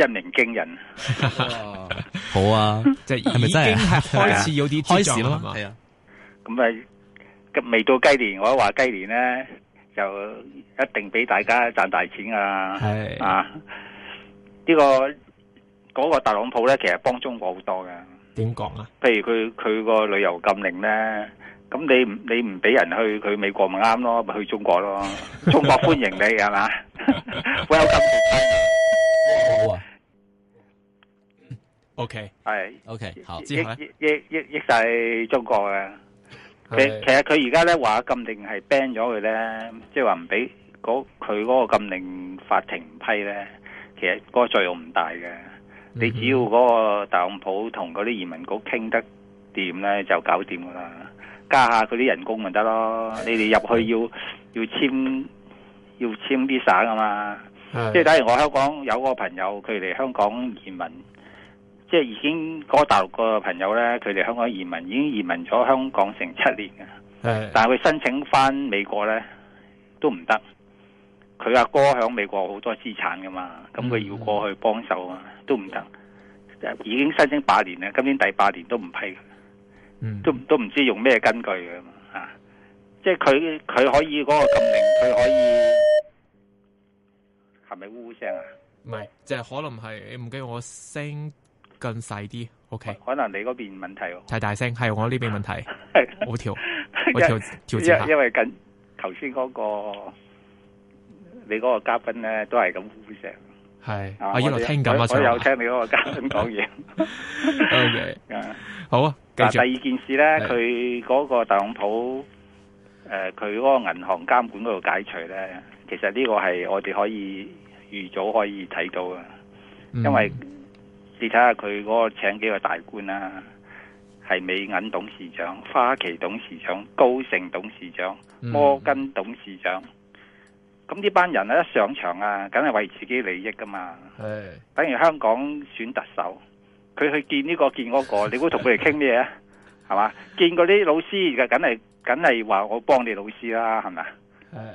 一鳴驚人，好啊！即係係咪真係開始有啲開始咯，係啊！咁啊，未到雞年，我話雞年咧就一定俾大家賺大錢啊！係啊，呢個嗰個特朗普咧，其實幫中國好多噶。點講咧？譬如佢佢個旅遊禁令咧，咁你你唔俾人去佢美國咪啱咯？咪去中國咯？中國歡迎你係嘛？Welcome。O K，係 O K，好，益益益晒中國嘅。其其實佢而家咧話禁令係 ban 咗佢咧，即係話唔俾佢嗰個禁令法庭批咧。其實個作用唔大嘅，你只要嗰個特朗普同嗰啲移民局傾得掂咧，就搞掂噶啦。加下佢啲人工咪得咯。你哋入去要要簽要簽 visa 噶嘛？即係假如我香港有個朋友，佢哋香港移民。即係已經嗰、嗰個、大陸個朋友咧，佢哋香港移民已經移民咗香港成七年嘅，但係佢申請翻美國咧都唔得。佢阿哥喺美國好多資產噶嘛，咁佢要過去幫手啊，嗯嗯都唔得。已經申請八年啦，今年第八年都唔批，嗯，都都唔知用咩根據嘛啊嘛嚇。即係佢佢可以嗰個禁令，佢可以係咪烏烏聲啊？唔係，就係，可能係唔我聲。更細啲，OK？可能你嗰邊問、哦、問題，太大聲，係我呢邊問題，我調，我調調因為緊頭先嗰個，你嗰個嘉賓咧都係咁呼聲。係、啊，我一路聽緊啊？有聽、啊、聽你嗰個嘉賓講嘢。好嘅，好啊。繼續。第二件事咧，佢嗰個特朗普，誒、呃，佢嗰個銀行監管嗰度解除咧，其實呢個係我哋可以預早可以睇到嘅、嗯，因為。你睇下佢嗰個請幾個大官啦、啊，係美銀董事長、花旗董事長、高盛董事長、摩根董事長。咁、嗯、呢班人咧一上場啊，梗係為自己利益噶嘛。係等於香港選特首，佢去見呢、這個見嗰、那個，你會同佢哋傾咩啊？係 嘛，見過啲老師，而家梗係梗係話我幫你老師啦，係咪啊？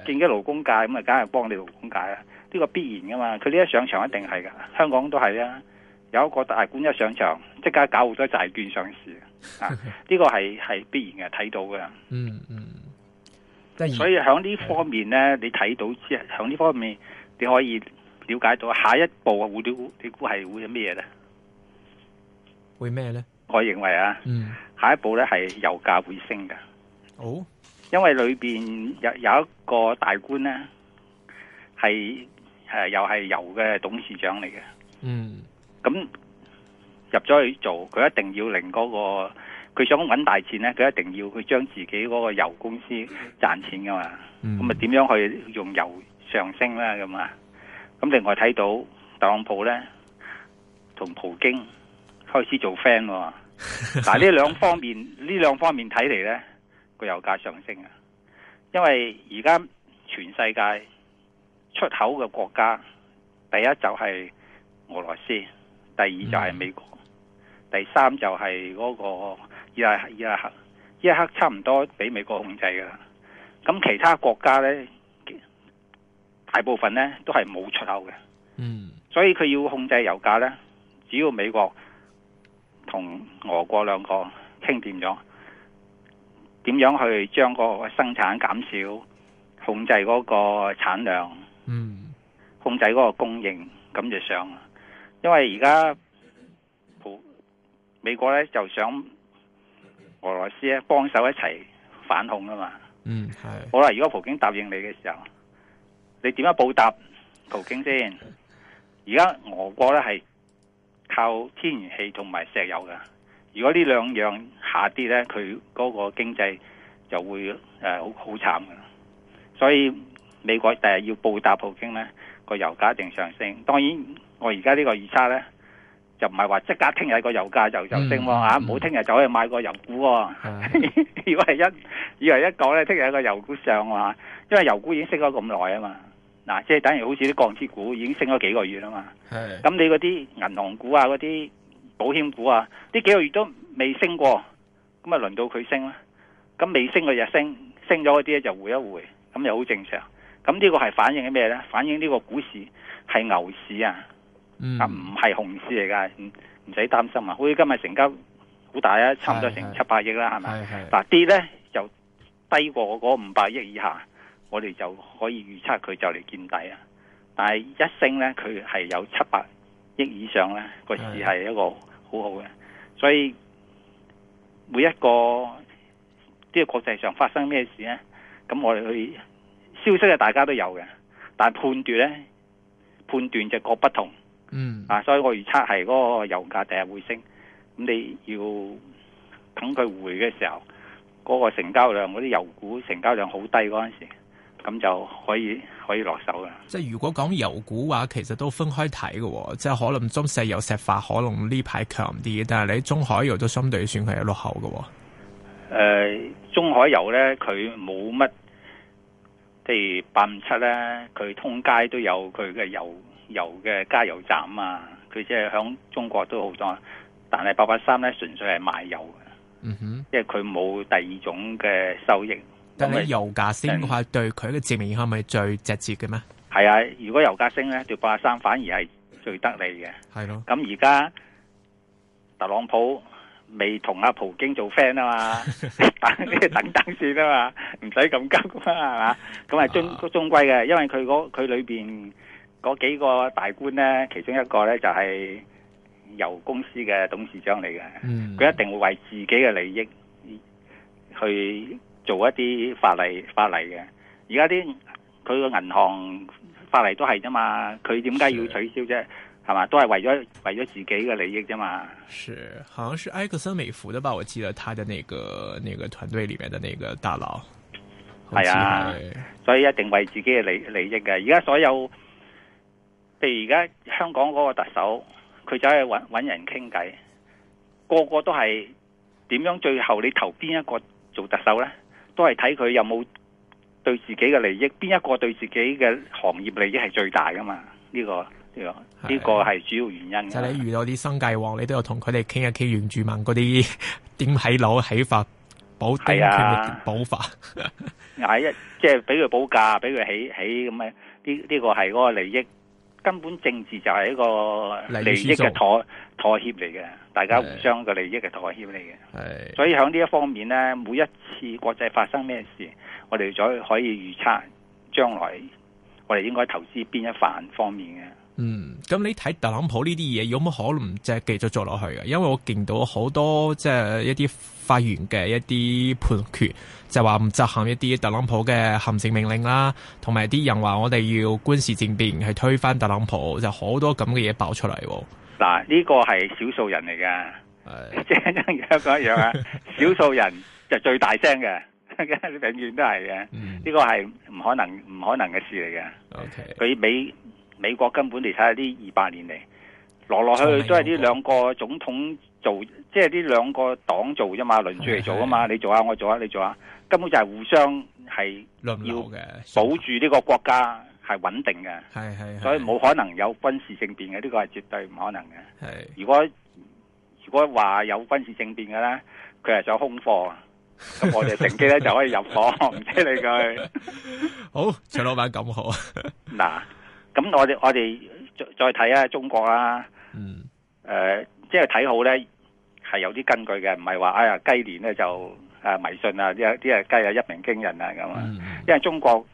見啲勞工界咁啊，梗係幫你勞工界啊。呢、這個必然噶嘛，佢呢一上場一定係噶，香港都係啊。有一個大官一上場，即刻搞好多債券上市啊！呢、這個係係必然嘅，睇到嘅。嗯嗯。所以喺呢方面咧，你睇到即係喺呢方面，你可以了解到下一步你會你估係會咩嘢咧？會咩咧？我認為啊，嗯，下一步咧係油價會升嘅。哦、oh？因為裏邊有有一個大官咧，係誒、啊、又係油嘅董事長嚟嘅。嗯。咁入咗去做，佢一定要令嗰個，佢想搵大錢咧，佢一定要去將自己嗰個油公司賺錢噶嘛。咁咪點樣去用油上升咧？咁啊，咁另外睇到特朗普咧同普京開始做 friend，嗱呢兩方面呢兩 方面睇嚟咧個油價上升啊，因為而家全世界出口嘅國家，第一就係俄羅斯。第二就係美國，第三就係嗰個伊拉克、伊拉克，伊拉克差唔多俾美國控制㗎喇。咁其他國家呢，大部分呢都係冇出口嘅。嗯，所以佢要控制油價呢，只要美國同俄國兩個傾掂咗，點樣去將個生產減少，控制嗰個產量，控制嗰個供應，咁就上。因為而家普京美國咧就想俄羅斯咧幫手一齊反恐啊嘛。嗯，係。好啦，如果普京答應你嘅時候，你點樣報答普京先？而 家俄國咧係靠天然氣同埋石油噶。如果呢兩樣下跌咧，佢嗰個經濟就會誒好好慘噶。所以美國第日要報答普京咧，個油價一定上升。當然。我而家呢個二叉呢，就唔係話即刻聽日個油價就就升喎，唔好聽日就可以買個油股喎、啊。如果係一以為一講呢，聽日個油股上啊，因為油股已經升咗咁耐啊嘛，嗱、啊，即係等如好似啲鋼鐵股已經升咗幾個月啊嘛，咁你嗰啲銀行股啊、嗰啲保險股啊，呢幾個月都未升過，咁啊，輪到佢升啦。咁未升嘅又升，升咗嗰啲就回一回，咁又好正常。咁呢個係反映緊咩呢？反映呢個股市係牛市啊！啊，唔係熊市嚟噶，唔唔使擔心啊！佢今日成交好大啊，差唔多成七百億啦，係咪？嗱，跌咧就低過嗰五百億以下，我哋就可以預測佢就嚟見底啊！但係一升咧，佢係有七百億以上咧，個市係一個好好嘅。是是所以每一個呢個國際上發生咩事咧，咁我哋去消息啊，大家都有嘅，但係判斷咧，判斷就各不同。嗯，啊，所以我預測係嗰個油價第日會升，咁你要等佢回嘅時候，嗰、嗰個成交量嗰啲油股成交量好低嗰陣時候，咁就可以可以落手嘅。即係如果講油股話，其實都分開睇嘅、喎，即係可能中石油石化可能呢排強啲，但係你中海油都相對算係落後嘅、喎。誒、呃，中海油咧，佢冇乜，譬如八五七咧，佢通街都有佢嘅油。油嘅加油站啊，佢即係響中國都好多，但係八八三咧純粹係賣油嘅，嗯哼，因為佢冇第二種嘅收益。但係油價升，佢對佢嘅致命影響係咪最直接嘅咩？係啊，如果油價升咧，對八八三反而係最得利嘅。係咯，咁而家特朗普未同阿普京做 friend 啊嘛， 等呢等等先啊嘛，唔使咁急啊嘛，係嘛，咁係終終歸嘅，因為佢嗰佢裏邊。嗰幾個大官呢，其中一個呢，就係、是、油公司嘅董事長嚟嘅，佢、嗯、一定會為自己嘅利益去做一啲法例法例嘅。而家啲佢個銀行法例都係啫嘛，佢點解要取消啫？係嘛，都係為咗為咗自己嘅利益啫嘛。是，好像是埃克森美孚的吧？我記得他的那個那個團隊裏面的那個大佬。係啊，所以一定為自己嘅利利益嘅。而家所有。譬如而家香港嗰個特首，佢就去搵搵人傾偈，個個都係點樣？最後你投邊一個做特首咧？都係睇佢有冇對自己嘅利益，邊一個對自己嘅行業利益係最大噶嘛呢個呢個呢個係主要原因。就係你遇到啲新界王，你都有同佢哋傾一傾原住民嗰啲點起樓、起法、保地、保法，嗌，一即係俾佢保價，俾佢起起咁樣。呢呢個係嗰個利益。根本政治就係一個利益嘅妥妥協嚟嘅，大家互相嘅利益嘅妥協嚟嘅。係，所以喺呢一方面咧，每一次國際發生咩事，我哋就可以預測將來我哋應該投資邊一範方面嘅。嗯，咁你睇特朗普呢啲嘢有冇可能即係繼續做落去嘅？因為我見到好多即係一啲法院嘅一啲判決，就話唔執行一啲特朗普嘅行政命令啦，同埋啲人話我哋要軍事政變去推翻特朗普，就好多咁嘅嘢爆出嚟。嗱，呢個係少數人嚟㗎，即係一樣啊！少 數人就最大聲嘅， 永遠都係嘅，呢、嗯呢個係唔可能唔可能嘅事嚟嘅。O K，佢俾。美國根本嚟睇下呢二百年嚟，來來去去都係呢兩個總統做，即係呢兩個黨做啫嘛，輪住嚟做噶嘛，你做下，我做下，你做下，根本就係互相係要保住呢個國家係穩定嘅，係係，所以冇可能有軍事政變嘅，呢個係絕對唔可能嘅。係如果如果話有軍事政變嘅咧，佢係想空貨，咁 我哋乘機咧就可以入貨，唔知理佢好，徐老闆咁好啊，嗱。 咁我哋我哋再再睇下，中國啦，嗯，誒、呃，即係睇好咧，係有啲根據嘅，唔係話哎呀雞年咧就、啊、迷信啊，有啲啊雞啊一鳴驚人啊咁啊、嗯，因為中國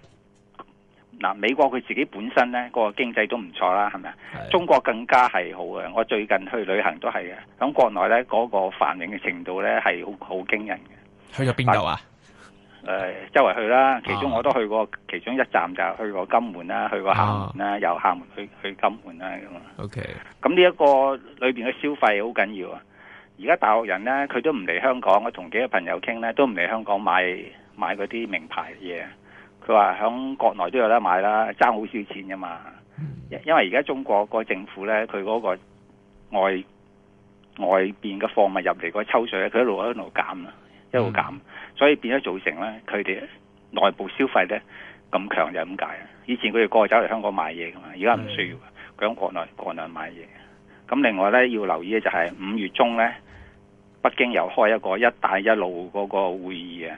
嗱、呃、美國佢自己本身咧、個經濟都唔錯啦，係咪啊？中國更加係好嘅，我最近去旅行都係嘅，咁國內咧嗰、嗰個繁榮嘅程度咧係好好驚人嘅。去咗邊度啊？誒周圍去啦，其中我都去過，其中一站就去過金門啦，去過廈門啦，由廈門去去金門啦咁啊。O K。咁呢一個裏邊嘅消費好緊要啊！而家大陸人咧，佢都唔嚟香港，我同幾個朋友傾咧，都唔嚟香港買買嗰啲名牌嘢。佢話響國內都有得買啦，爭好少錢㗎嘛。因為而家中國個政府咧，佢嗰個外外邊嘅貨物入嚟嗰個抽稅咧，佢一路喺度減啦。一路減，所以變咗造成咧，佢哋內部消費咧咁強，就咁解啊。以前佢哋過去走嚟香港買嘢噶嘛，而家唔需要佢，響國內國內買嘢。咁另外咧要留意嘅就係五月中咧，北京又開一個一帶一路嗰個會議啊。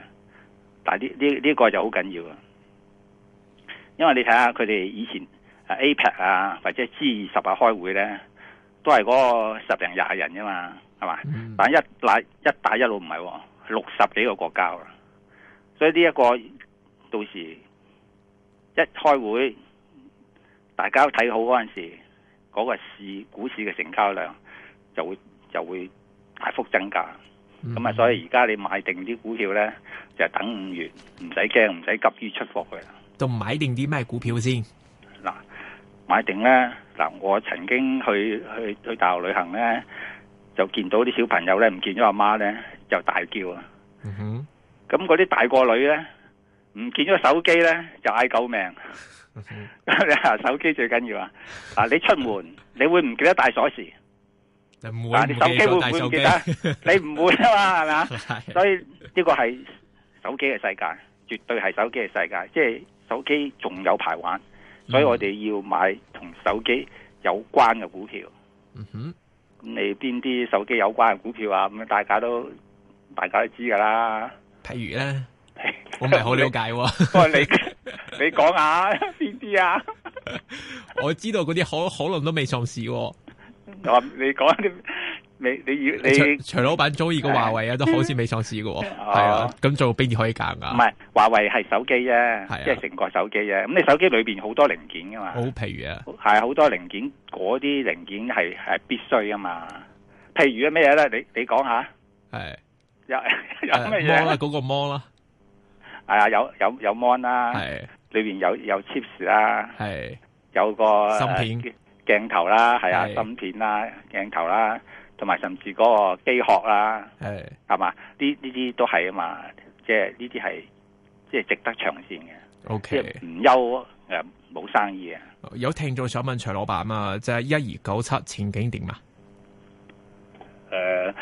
但呢呢呢個就好緊要啊，因為你睇下佢哋以前 APEC 啊或者 G 十啊開會咧，都係嗰個十人廿人啫嘛，係嘛？嗯、但係一乃一帶一路唔係喎。六十幾個國家啦，所以呢、這、一個到時一開會，大家睇好嗰時嗰個市股市嘅成交量就會就會大幅增加。咁、嗯、啊，所以而家你買定啲股票咧，就等五月，唔使驚，唔使急於出貨嘅，都買定啲咩股票先嗱？買定咧嗱，我曾經去去去大學旅行咧，就見到啲小朋友咧，唔見咗阿媽咧。就大叫啊！咁嗰啲大個女咧，唔見咗手機咧，就嗌救命。 手機最緊要啊！啊，你出門你會唔記得帶鎖匙？你唔會不啊！你手機會唔會唔記得？ 你唔會啊嘛，係咪啊？所以呢個係手機嘅世界，絕對係手機嘅世界。即係手機仲有排玩，所以我哋要買同手機有關嘅股票。咁、嗯、你邊啲手機有關嘅股票啊？咁大家都。大家都知噶啦，譬如咧， 我咪好了解喎 不過你。 你你講下邊啲啊？ 我知道嗰啲可可能都未上市喎。我你講一啲你，你要你徐，徐老闆中意個華為啊， 都好似未上市嘅。係啊，咁、 哦啊、做邊啲可以揀噶？唔係，華為係手機啫、啊，即係成個手機啫、啊。咁、啊、你手機裏邊好多零件噶嘛？好譬如啊是，係好多零件，嗰啲零件係係必須噶嘛？譬如啊，咩嘢咧？你你講下。係。 有什麼、啊那個啊、有咩嘢？芒啦，有有啦，有個芒啦，係啊，有有有芒啦，係裏邊有有 chips 啦，係有個芯片鏡頭啦，係啊，芯片啦，鏡頭啦，同埋甚至個機殼啦，係係嘛，啲呢啲都係啊嘛，即係呢啲係即係值得長線嘅。O K，唔憂誒，冇、就是、生意啊。有聽眾想問徐老闆啊，即係一二九七前景點啊？誒、呃。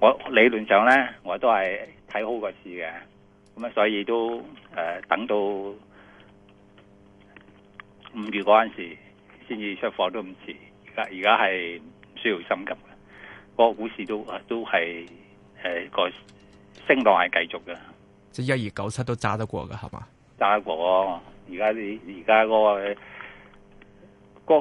我理論上咧，我都係睇好個市嘅，咁啊，所以都誒、呃、等到五月嗰陣時先至出貨都唔遲。而家而家係唔需要心急嘅，個股市都都係誒個升浪係繼續嘅，即係一二九七都揸得過噶，係嘛，揸得過。而家你而家嗰個。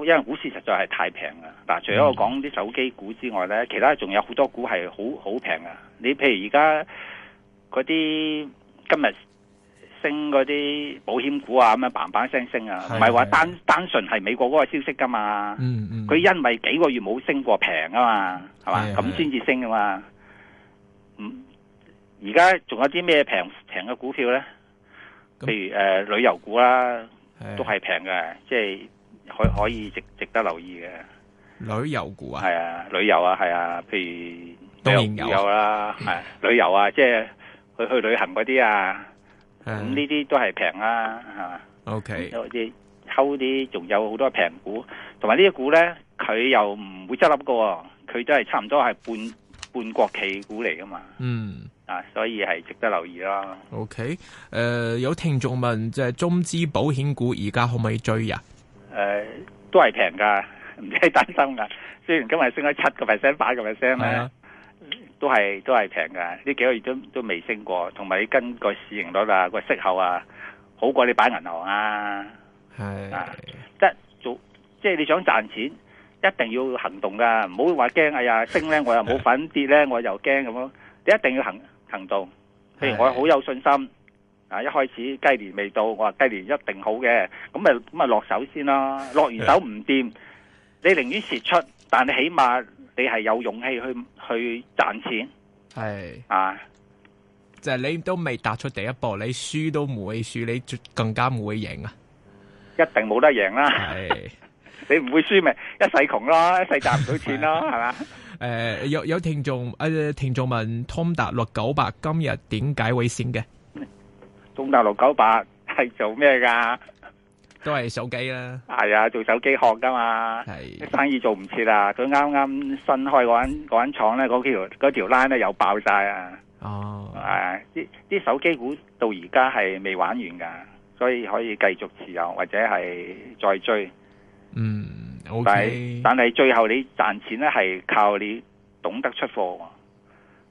因為股市實在係太平啊！嗱，除咗我講啲手機股之外咧，其他仲有好多股係好好平啊！你譬如而家嗰啲今日升嗰啲保險股啊，咁樣嘭嘭聲升啊，唔係話單是是單純係美國嗰個消息噶嘛？嗯嗯，佢因為幾個月冇升過平啊嘛，係嘛，咁先至升噶嘛。嗯，而家仲有啲咩平平嘅股票咧？譬如誒、呃、旅遊股啦，啊，都係平嘅，是是即係。可以可以值值得留意嘅旅遊股啊，係啊，旅遊啊，係啊，譬如當然有啦，係、啊、 旅遊啊，即係去去旅行嗰啲啊，咁呢啲都係平啦。吓、okay. 嗯。O K，或者抽啲，仲有好多平股，同埋呢啲股咧，佢又唔會執笠嘅，佢都係差唔多係半半國企股嚟噶嘛。嗯、um,，啊，所以係值得留意啦、啊。O K，誒，有聽眾問，即、就、係、是、中資保險股而家可唔可以追啊？誒，都係平噶，唔使擔心噶。雖然今日升咗七個 percent，八個 percent 咧，都係都係平噶。呢幾個月都都未升過，同埋你根據市盈率啊，個息口啊，好過你擺銀行啊。係啊，即係做，即係你想賺錢，一定要行動噶，唔好話驚哎呀升咧，我又冇份跌咧，我又驚咁咯。你一定要行行動，譬如我好有信心。啊！一開始雞年未到，我話雞年一定好嘅，咁咪咁咪落手先啦。落完手唔掂，你寧願蝕出，但你起碼你係有勇氣去去賺錢。係啊，就係你都未踏出第一步，你輸都唔會輸，你更加唔會贏啊！一定冇得贏啦。係你唔會輸咪一世窮咯，一世賺唔到錢咯，係嘛？誒，有有聽眾誒，聽眾問通達六九八今日點解會先嘅？通達六九八係做咩噶？都係手機啦，係啊，做手機殼噶嘛。係生意做唔切啊！佢啱啱新開嗰間嗰間廠咧，嗰條嗰條 line 咧又爆晒啊！哦，係啊！啲啲手機股到而家係未玩完噶，所以可以繼續持有或者係再追。嗯，okay。但係最後你賺錢咧係靠你懂得出貨。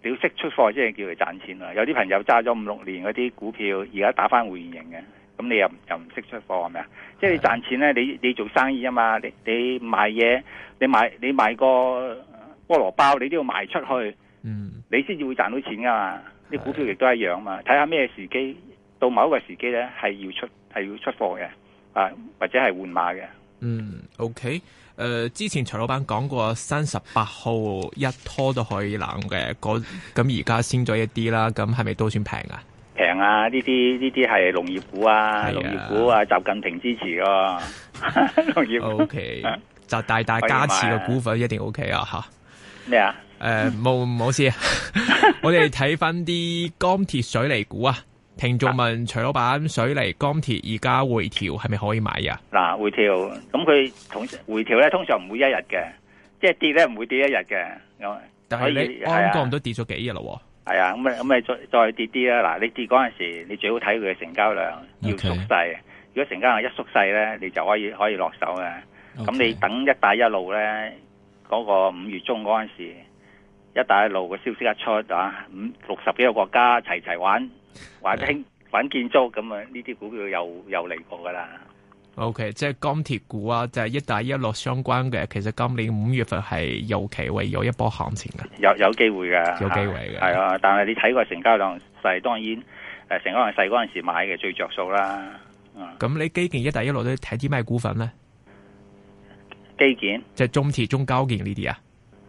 你要識出貨即係叫佢賺錢啦。有啲朋友揸咗五六年嗰啲股票，而家打返回原形嘅，咁你又又唔識出貨係咪啊？即係你賺錢咧，你你做生意啊嘛，你你賣嘢，你賣你賣個菠蘿包，你都要賣出去，嗯，你先至會賺到錢噶嘛。啲股票亦都一樣嘛，睇下咩時機，到某一個時機咧，係要出係要出貨嘅啊，或者係換碼嘅。嗯，OK，誒、呃，之前徐老闆講過三十八號一拖都可以攬嘅，咁而家升咗一啲啦，咁係咪都算平啊？平啊，呢啲呢啲係農業股啊，農、啊、業股啊，習近平支持嘅、啊、農業股 ，OK， 就大大加持嘅股份一定 OK 啊，吓咩啊？誒、啊，冇冇、啊呃、事， 我哋睇翻啲鋼鐵水泥股啊。聽眾問徐老闆：水泥、鋼鐵而家回調係咪可以買呀？嗱，回調咁佢同回調咧，通常唔會一日嘅，即係跌咧唔會跌一日嘅。咁但係你香港都跌咗幾日咯？係啊，咁啊咁啊，再再跌啲啦。嗱，你跌嗰陣時，你最好睇佢嘅成交量要縮細。Okay. 如果成交量一縮細咧，你就可以可以落手嘅。咁、okay. 你等一帶一路咧嗰個五月中嗰陣時，一帶一路嘅消息一出啊，五六十幾個國家齊齊玩。玩者搵建築咁啊，呢啲股票又又嚟過噶啦。O、okay, K，即係鋼鐵股啊，就係、是、一帶一路相關嘅。其實今年五月份係尤其會有一波行情噶，有有機會噶，有機會嘅。係啊，啊，但係你睇個成交量細，當然誒、呃，成交量細嗰陣時買嘅最着數啦。咁、嗯、你基建一帶一路都睇啲咩股份咧？基建即就是、中鐵、中交建呢啲啊。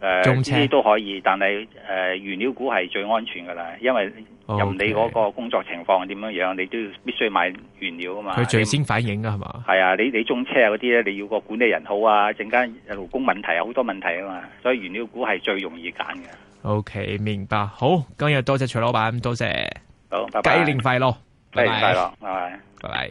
誒、呃，呢啲都可以，但係誒、呃，原料股係最安全噶啦，因為任你嗰個工作情況點樣樣，你都要必須買原料啊嘛。佢最先反映啊，係嘛？係啊，你你中車啊嗰啲咧，你要個管理人好啊，陣間勞工問題啊，好多問題啊嘛，所以原料股係最容易揀嘅。OK，明白。好，今日多謝徐老闆，多謝。好，拜拜。雞年快樂！雞年快樂！拜拜，拜拜。